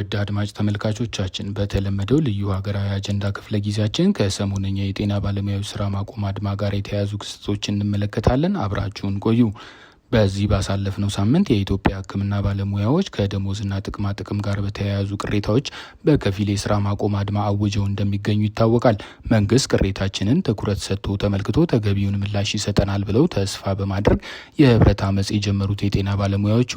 ውድ አድማጭ ተመልካቾቻችን በተለመደው ልዩ ሀገራዊ አጀንዳ ክፍለ ጊዜያችን ከሰሞነኛ የጤና ባለሙያዎች ስራ ማቆም አድማ ጋር የተያያዙ ክስተቶች እንመለከታለን። አብራችሁን ቆዩ። በዚህ ባሳለፍነው ሳምንት የኢትዮጵያ ሕክምና ባለሙያዎች ከደሞዝና ጥቅማ ጥቅም ጋር በተያያዙ ቅሬታዎች በከፊል የስራ ማቆም አድማ አውጀው እንደሚገኙ ይታወቃል። መንግስት ቅሬታችንን ትኩረት ሰጥቶ ተመልክቶ ተገቢውን ምላሽ ይሰጠናል ብለው ተስፋ በማድረግ የህብረት አመፅ የጀመሩት የጤና ባለሙያዎቹ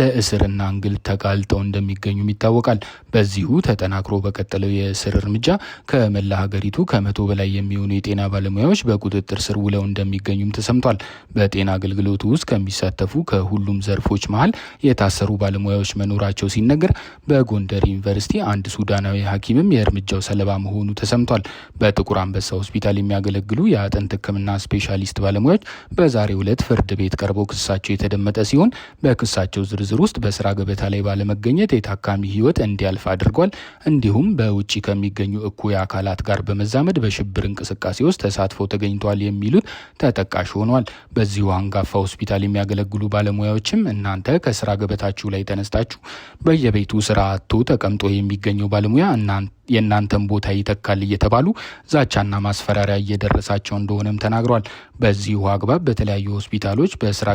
ለእስርና እንግል ተጋልጠው እንደሚገኙም ይታወቃል። በዚሁ ተጠናክሮ በቀጠለው የእስር እርምጃ ከመላ ሀገሪቱ ከመቶ በላይ የሚሆኑ የጤና ባለሙያዎች በቁጥጥር ስር ውለው እንደሚገኙም ተሰምቷል። በጤና አገልግሎቱ ውስጥ ከሚ የሚሳተፉ ከሁሉም ዘርፎች መሀል የታሰሩ ባለሙያዎች መኖራቸው ሲነገር በጎንደር ዩኒቨርሲቲ አንድ ሱዳናዊ ሐኪምም የእርምጃው ሰለባ መሆኑ ተሰምቷል። በጥቁር አንበሳ ሆስፒታል የሚያገለግሉ የአጥንት ሕክምና ስፔሻሊስት ባለሙያዎች በዛሬው ዕለት ፍርድ ቤት ቀርበው ክሳቸው የተደመጠ ሲሆን በክሳቸው ዝርዝር ውስጥ በስራ ገበታ ላይ ባለመገኘት የታካሚ ህይወት እንዲያልፍ አድርጓል፣ እንዲሁም በውጭ ከሚገኙ እኩይ አካላት ጋር በመዛመድ በሽብር እንቅስቃሴ ውስጥ ተሳትፎ ተገኝተዋል የሚሉት ተጠቃሽ ሆኗል። በዚሁ አንጋፋ ሆስፒታል የሚያ የሚያገለግሉ ባለሙያዎችም እናንተ ከስራ ገበታችሁ ላይ ተነስታችሁ በየቤቱ ስራ አቶ ተቀምጦ የሚገኘው ባለሙያ እናንተ የእናንተን ቦታ ይተካል እየተባሉ ዛቻና ማስፈራሪያ እየደረሳቸው እንደሆነም ተናግሯል። በዚሁ አግባብ በተለያዩ ሆስፒታሎች በስራ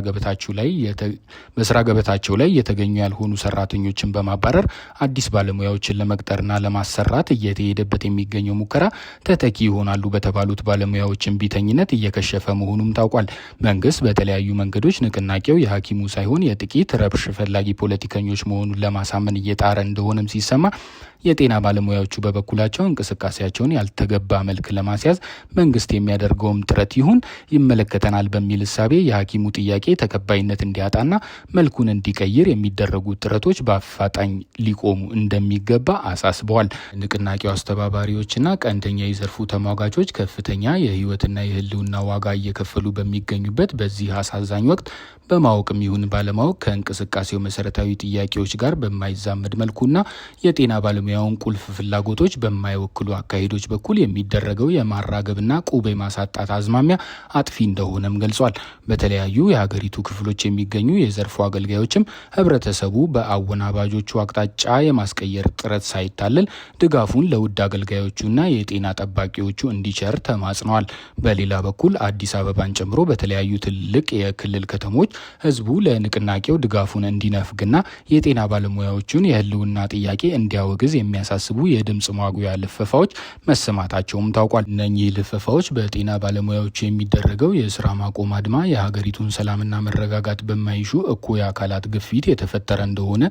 ገበታቸው ላይ የተገኙ ያልሆኑ ሰራተኞችን በማባረር አዲስ ባለሙያዎችን ለመቅጠርና ለማሰራት እየተሄደበት የሚገኘው ሙከራ ተተኪ ይሆናሉ በተባሉት ባለሙያዎችን ቢተኝነት እየከሸፈ መሆኑም ታውቋል። መንግስት በተለያዩ መንገዶች ንቅናቄው የሐኪሙ ሳይሆን የጥቂት ረብሽ ፈላጊ ፖለቲከኞች መሆኑን ለማሳመን እየጣረ እንደሆነም ሲሰማ የጤና ባለሙያዎቹ በበኩላቸው እንቅስቃሴያቸውን ያልተገባ መልክ ለማስያዝ መንግስት የሚያደርገውም ጥረት ይሁን ይመለከተናል በሚል እሳቤ የሐኪሙ ጥያቄ ተቀባይነት እንዲያጣና መልኩን እንዲቀይር የሚደረጉ ጥረቶች በአፋጣኝ ሊቆሙ እንደሚገባ አሳስበዋል። ንቅናቄው አስተባባሪዎችና ቀንደኛ የዘርፉ ተሟጋቾች ከፍተኛ የህይወትና የህልውና ዋጋ እየከፈሉ በሚገኙበት በዚህ አሳዛኝ ወቅት በማወቅም ይሁን ባለማወቅ ከእንቅስቃሴው መሰረታዊ ጥያቄዎች ጋር በማይዛመድ መልኩና የጤና ባለሙያውን ቁልፍ ፍላጎት ፍላጎቶች በማይወክሉ አካሄዶች በኩል የሚደረገው የማራገብና ቁብ የማሳጣት አዝማሚያ አጥፊ እንደሆነም ገልጿል። በተለያዩ የሀገሪቱ ክፍሎች የሚገኙ የዘርፉ አገልጋዮችም ህብረተሰቡ በአወናባጆቹ አቅጣጫ የማስቀየር ጥረት ሳይታለል ድጋፉን ለውድ አገልጋዮቹና የጤና ጠባቂዎቹ እንዲቸር ተማጽነዋል። በሌላ በኩል አዲስ አበባን ጨምሮ በተለያዩ ትልቅ የክልል ከተሞች ህዝቡ ለንቅናቄው ድጋፉን እንዲነፍግና የጤና ባለሙያዎቹን የህልውና ጥያቄ እንዲያወግዝ የሚያሳስቡ የድ የድምፅ ማጉያ ልፈፋዎች መሰማታቸውም ታውቋል። እነኚህ ልፈፋዎች በጤና ባለሙያዎች የሚደረገው የስራ ማቆም አድማ የሀገሪቱን ሰላምና መረጋጋት በማይሹ እኩይ አካላት ግፊት የተፈጠረ እንደሆነ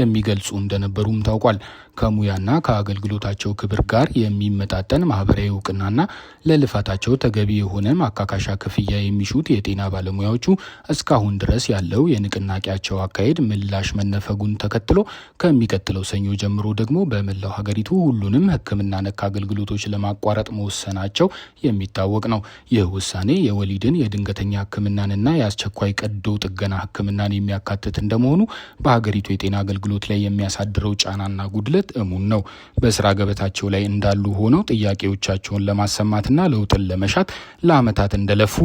የሚገልጹ እንደነበሩም ታውቋል። ከሙያና ከአገልግሎታቸው ክብር ጋር የሚመጣጠን ማህበራዊ እውቅናና ለልፋታቸው ተገቢ የሆነ ማካካሻ ክፍያ የሚሹት የጤና ባለሙያዎቹ እስካሁን ድረስ ያለው የንቅናቄያቸው አካሄድ ምላሽ መነፈጉን ተከትሎ ከሚቀጥለው ሰኞ ጀምሮ ደግሞ በመላው ሀገሪቱ ሁሉንም ህክምና ነክ አገልግሎቶች ለማቋረጥ መወሰናቸው የሚታወቅ ነው። ይህ ውሳኔ የወሊድን የድንገተኛ ህክምናንና የአስቸኳይ ቀዶ ጥገና ህክምናን የሚያካትት እንደመሆኑ በሀገሪቱ የጤና አገልግሎት ላይ የሚያሳድረው ጫናና ጉድለት እሙን ነው። በስራ ገበታቸው ላይ እንዳሉ ሆነው ጥያቄዎቻቸውን ለማሰማትና ለውጥን ለመሻት ለአመታት እንደለፉ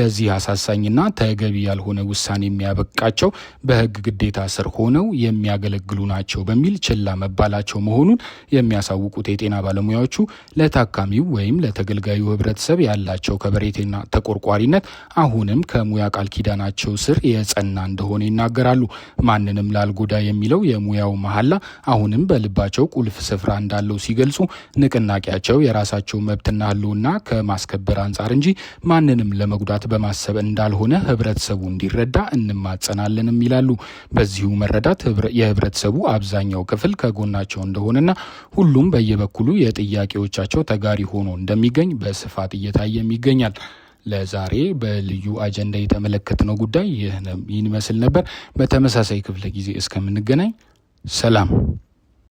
ለዚህ አሳሳኝና ተገቢ ያልሆነ ውሳኔ የሚያበቃቸው በህግ ግዴታ ስር ሆነው የሚያገለግሉ ናቸው በሚል ችላ መባላቸው መሆኑን የሚያሳ የሚያሳውቁት የጤና ባለሙያዎቹ ለታካሚው ወይም ለተገልጋዩ ህብረተሰብ ያላቸው ከበሬቴና ተቆርቋሪነት አሁንም ከሙያ ቃል ኪዳናቸው ስር የጸና እንደሆነ ይናገራሉ። ማንንም ላልጎዳ የሚለው የሙያው መሀላ አሁንም በልባቸው ቁልፍ ስፍራ እንዳለው ሲገልጹ ንቅናቄያቸው የራሳቸው መብትና ህልውና ከማስከበር አንጻር እንጂ ማንንም ለመጉዳት በማሰብ እንዳልሆነ ህብረተሰቡ እንዲረዳ እንማጸናለንም ይላሉ። በዚሁ መረዳት የህብረተሰቡ አብዛኛው ክፍል ከጎናቸው እንደሆነና ሁሉም ሁሉም በየበኩሉ የጥያቄዎቻቸው ተጋሪ ሆኖ እንደሚገኝ በስፋት እየታየም ይገኛል። ለዛሬ በልዩ አጀንዳ የተመለከትነው ጉዳይ ይህን ይመስል ነበር። በተመሳሳይ ክፍለ ጊዜ እስከምንገናኝ ሰላም።